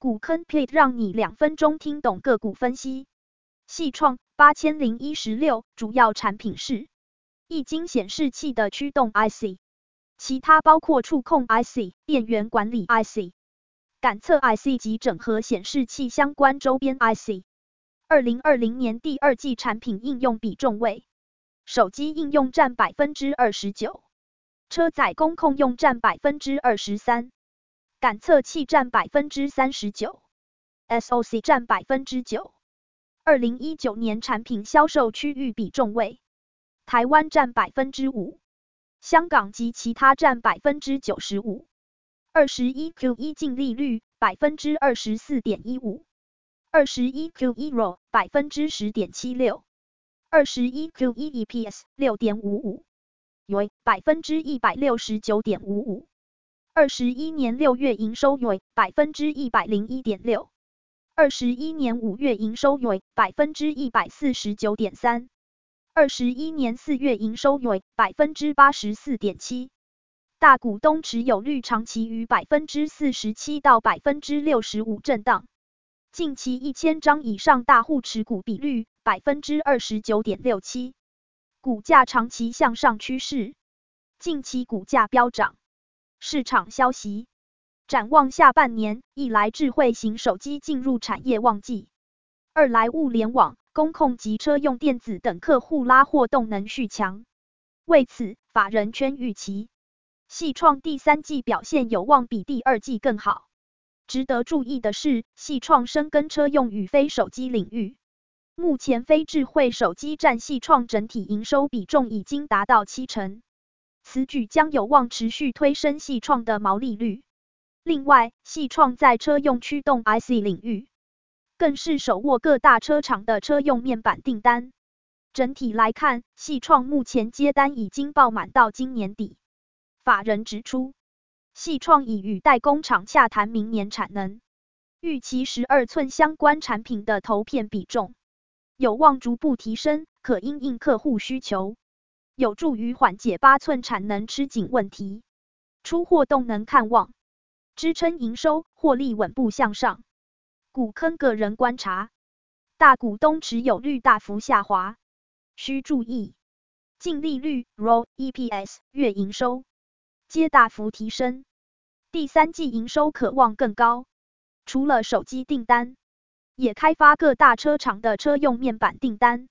股坑 plate 讓你兩分鐘聽懂個股分析。矽創八千零一十六，主要產品是液晶顯示器的驅動 IC，其他包括觸控 IC、電源管理 IC、感測 IC 及整合顯示器相關周邊 IC。二零二零年第二季產品應用比重為，手機應用占百分之二十九，車載工控用占百分之二十三。感測器占百分之三十九，SOC 占百分之九。二零一九年產品銷售區域比重為，台灣占百分之五，香港及其他占百分之九十五。二十一 Q 一淨利率百分之二十四點一五，二十一 Q 一 ROE 百分之十點七六，二十一 Q 一 EPS 六點五五，YoY 百分之一百六十九點五五。Yui, 二十一年六月營收為百分之一百零一點六，二十一年五月營收為百分之一百四十九點三，二十一年四月營收為百分之八十四點七。大股東持有率長期於百分之四十七到百分之六十五震盪，近期一千張以上大戶持股比率百分之二十九點六七，股價長期向上趨勢，近期股價飆漲。市場消息，展望下半年，一來智慧型手機進入產業旺季，二來物聯網、工控及車用電子等客戶拉貨動能續強。為此，法人圈預期，矽創第三季表現有望比第二季更好。值得注意的是，矽創深耕車用與非手機領域，目前非智慧手機佔矽創整體營收比重已經達到七成。此舉將有望持續推升矽創的毛利率。另外，矽創在車用驅動 IC 領域更是手握各大車廠的車用面板訂單。整體來看，矽創目前接單已經爆滿到今年底。法人指出，矽創已與代工廠洽談明年產能，預期十二寸相關產品的投片比重有望逐步提升，可因應客戶需求。有助於緩解八寸產能吃緊問題，出貨動能看旺，支撐營收獲利穩步向上。股坑個人觀察，大股東持有率大幅下滑，需注意淨利率、ROE、EPS、月營收皆大幅提升，第三季營收可望更高。除了手機訂單，也開發各大車廠的車用面板訂單。